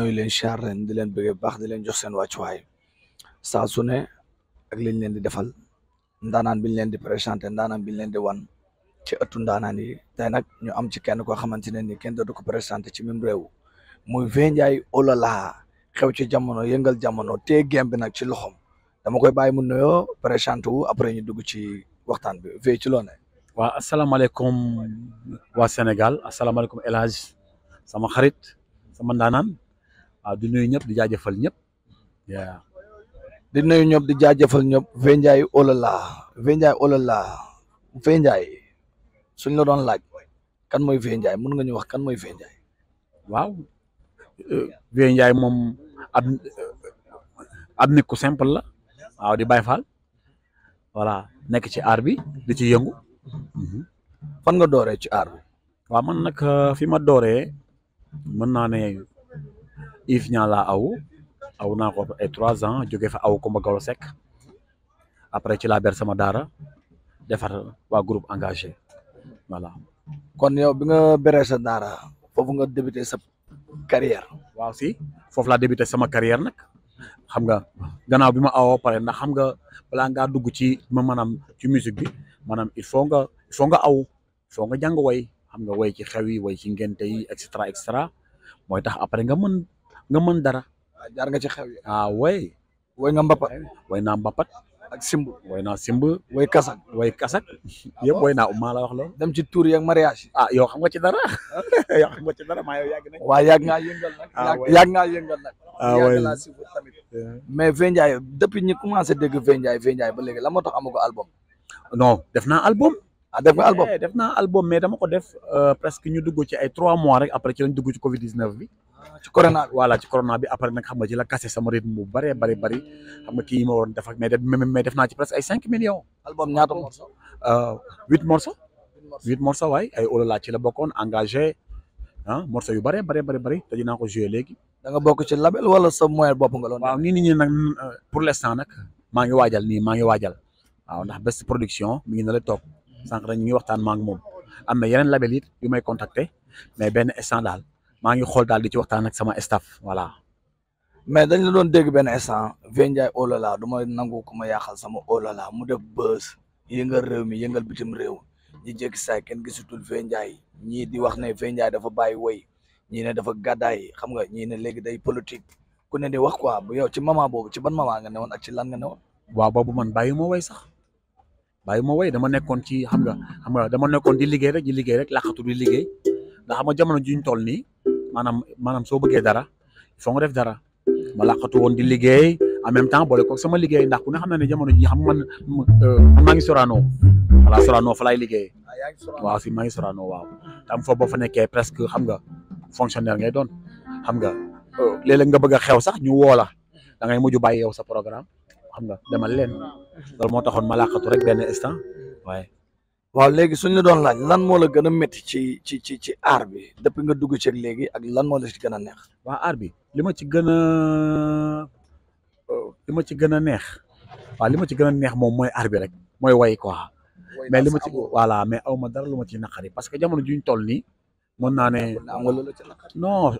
ñooy leen charren di leen bëggee baax di leen jox seen wàccuwaay saa su ne ak liñ leen di defal ndaanaan biñ leen di présenté ndaanaan biñ leen di wan ci ëttu ndaanaan yi tey nag ñu am ci kenn koo xamante ne ni kenn dootu ko présenté ci même réew muy olo Olala xew ci jamono yëngal jamono tee gem bi nag ci loxom dama koy bàyyi mu nuyoo présenté wu après ñu dugg ci waxtaan bi Vieux ci loo ne waa asalaamaaleykum waa Sénégal asalaamaaleykum El Hadj sama xarit waaw di nuyu ñëpp di jaajëfal ñëpp waaw. di nuyu ñëpp di jaajëfal ñëpp Venjaay olala oh Venjaay olala oh Venjaay suñ la doon laaj kan mooy Venjaay mën nga ñu wax kan mooy Venjaay. waaw Venjaay moom ab ab nit ku simple la waaw di Baay Faal voilà nekk ci aar bi di ci yëngu. Mm-hmm. fan nga doore ci aar bi. waaw man nag fi ma dooree mën naa ne. Yves Niang la aw aw na ko ay trois ans joge fa aw Kumba Gawlo Seck après ci la ber sama daara defar waa groupe engagé voilà. kon yow bi nga beree sa daara foofu nga débuté sa carrière. waaw si foofu laa débuté sama carrière nag xam nga gannaaw bi ma awoo pare ndax xam nga balaa ngaa dugg ci ma maanaam ci musique bi maanaam il faut nga il faut aw il faut nga jàng way xam nga way ci xew yi way ci ngénte yi et cetera et tax après nga mën. nga mën dara. waaw ah, jaar nga ci xew yi. ah way way nga mbapat. way naa mbapat. ak simb. way naa simb. way kasak. way kasak. yëpp way naa maa la wax loolu. dem ci tour yeeg mariage. ah yow xam nga ci dara. yow xam nga ci dara maa yow yàgg nañ. waaw ah, yàgg ngaa yëngal nag. ah way yàgg ngaa yëngal nag. ah mais Vieux depuis ñi commencé dégg Vieux Ndiaye Vieux ba léegi la moo tax amu ko album. ah def nga eh, album def naa album mais dama ko def euh, presque ñu dugg ci ay trois mois rek après ci lañ ci Covid 19 bi. Ah, ci corona bi voilà ci corona bi après nag xam nga ci la kase sama rythme bu bëree bëri bëri xam nga kii yi ma waroon def ak mais def mais def naa ci presque ay cinq millions. album ñaata euh, huit morceaux. huit morceaux waaye ay olola oh ci la bokkoon engage ah morceaux yu bëree bëri bëri te dinaa ko joué léegi. da nga ci label wala sa moyen bopp nga loon. waaw nii nii nag euh, pour l' instant nag maa ngi waajal nii ngi waajal waaw ndax best production mi ngi na la toog. sànq rek ñu ngi waxtaan maa ngi moom am na yeneen label it yu may contacter mais benn instant daal maa ngi xol daal di ci waxtaan ak sama staff voilà. mais dañ la doon dégg benn instant Vieux Ndiaye olala oh du ma nangu ko ma yàqal sama olala oh mu def buzz yëngal réew mi yëngal bitim réew ñi jékki saay kenn gisutul Vieux Ndiaye ñii di wax ne Vieux dafa bàyyi woy ñii ne dafa gàddaay xam nga ñii ne léegi day politique ku ne di wax quoi bu yow ci moment boobu ci ban moment nga newoon ak ci lan nga newoon. waaw boobu man bàyyi bàyyi ma woy dama nekkoon ci xam nga xam nga dama nekkoon di liggéey rek di liggéey rek laqatu di liggéey ndax xam nga jamono juñ toll nii maanaam maanaam soo bëggee dara il faut def dara ma laqatu woon di liggéey en même temps boole ko sama liggéey ndax ku ne xam na ne jamono ji xam man euh, maa ngi Sorano voilà Sorano fa laay liggéey ah, waaw si maa ngi Sorano waaw tam foofu boo fa nekkee presque xam nga fonctionnaire ngay doon xam nga euh, léeg nga bëgg xew sax ñu woo la da ngay mujj bàyyi sa programme xam nga demal leen loolu moo taxoon ma laqatu rek benn instant waaye. waaw léegi suñ la doon laaj lan moo la gën a métti ci ci ci ci aar bi depuis nga dugg ci léegi ak lan moo la ci gën a neex. waa aar bi li ma ci gën a li ma ci gën a neex waaw li ma ci gën a neex moom mooy aar bi rek mooy way quoi. mais li ma ci wala mais aw ma dara lu ma ci naqari parce que jamono juñ toll nii mën naa ne. non.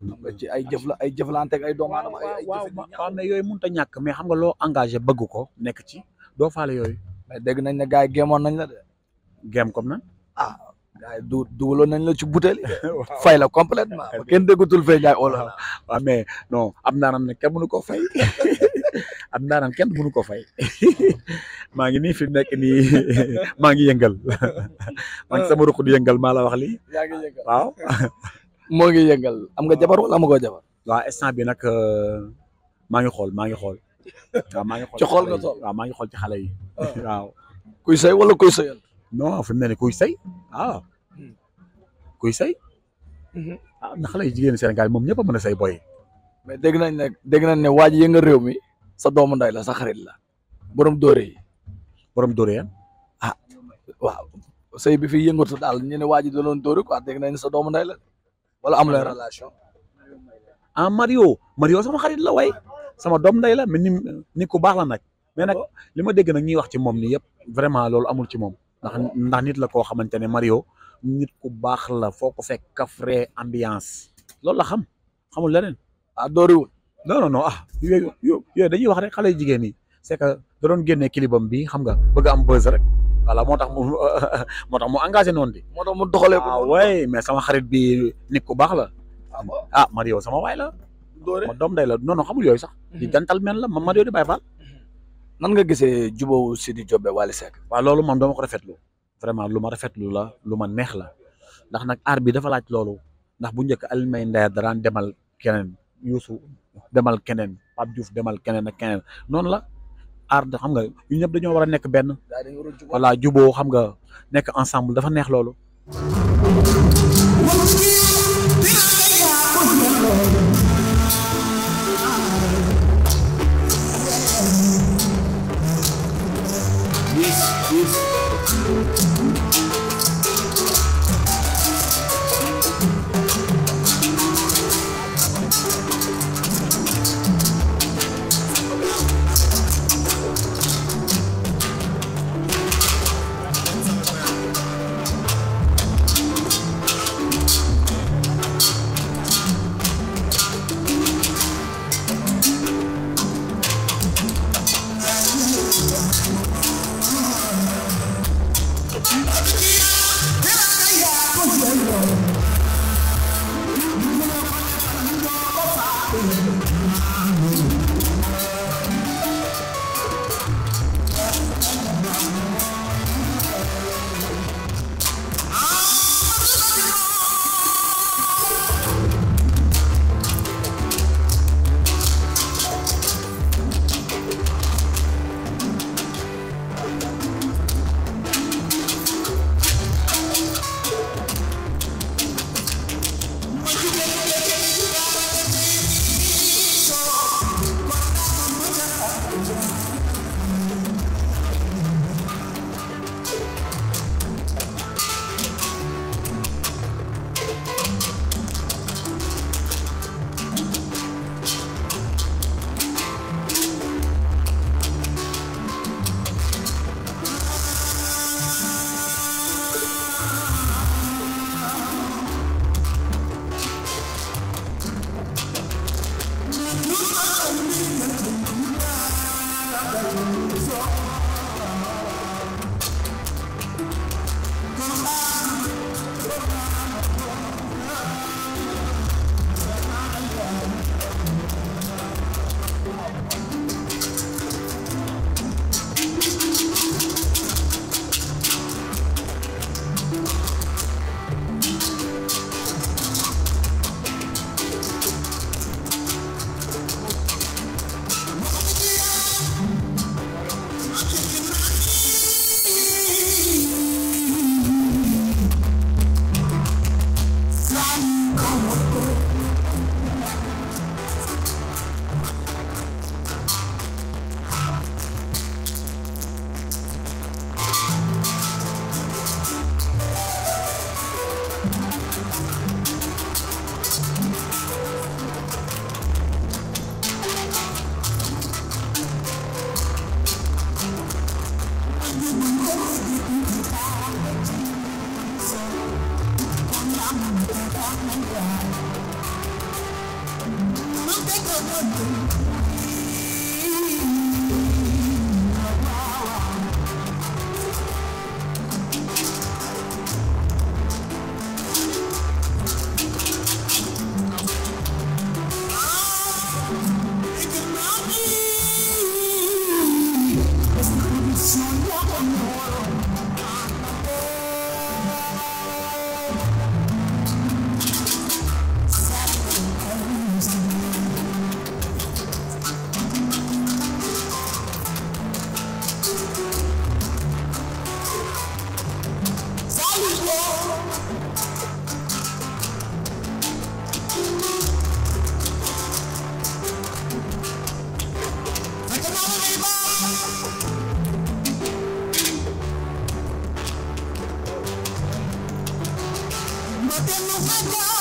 xam nga ci ay jëf ay jëflante ay doomu ay waaw xam yooyu mënut a ñàkk mais xam nga loo engagé bëgg ko nekk ci doo faale yooyu mais dégg nañ ne gars yi nañ la de géem comme na ah gars dugaloon nañ la ci butéeli fay la complètement kenn déggutul fay jaay oola waaw mais non am naanam ne kenn mënu fay kenn mënu ko fay maa ngi nii fi nekk nii maa ngi yëngal maa ngi sama ruq di yëngal maa la wax waaw moo ngi yëngal am nga jabar wala amagoo jabar. waaw instant bi nag euh, maa ngi xool maa ngi xool. waaw maa ngi xool ci xool nga maa ngi xool ci xale yi. Ah. waaw kuy say wala kuy sayal. non fi mu ne nii kuy say ah. hmm. kuy say. Hmm. ah na xale yu jigéen Sénégal moom ñëpp a mën say boy. mais dégg nañ ne dégg nañ ne waa ji réew mi sa doomu nday la sa xarit la borom dóore yi. borom dóore yan ah waaw sëy bi fi yëngatu daal ñu ne waa ji da doon dóore quoi dégg sa doomu nday wala amul ay relation a ah, Mario Mario sama xarit la way sama doom nday la mais ni ni ku baax la nag mais nag li ma dégg nag ñuy wax ci moom ni yëpp vraiment loolu amul ci moom ndax ndax nit la koo xamante ne Mario nit ku baax la foo ko fekk kafre ambiance loolu la xam xamul leneen ah dooriwul non non non ah yooyu yooyu dañuy wax rek xale jigéen yi c'est que da doon génnee kilibam bi xam nga bëgg am buzz rek voilà moo tax mu moo tax mu engagé noonu di. moo tax mu doxalee ko ah waaye sama xarit bi nit ku baax la. ah, ah Mario sama waay la. doore ma doom day la non non xamul yooyu sax. di mhm. jantal men la ma Mario di Baye Fall. Mhm. nan nga gisee jubóowu Sidi Diop be Wally Seck. waaw loolu moom dama ko rafetlu vraiment lu ma rafetlu la lu ma neex la ndax nag aar bi dafa laaj loolu ndax bu njëkk Alioune Mbaye Nder daraan demal keneen Youssou demal kenen Pape Diouf demal keneen ak noonu la. ard xam nga ñu ñëpp dañoo war a nekk benn voilà juboo xam nga nekk ensemble dafa neex loolu But then no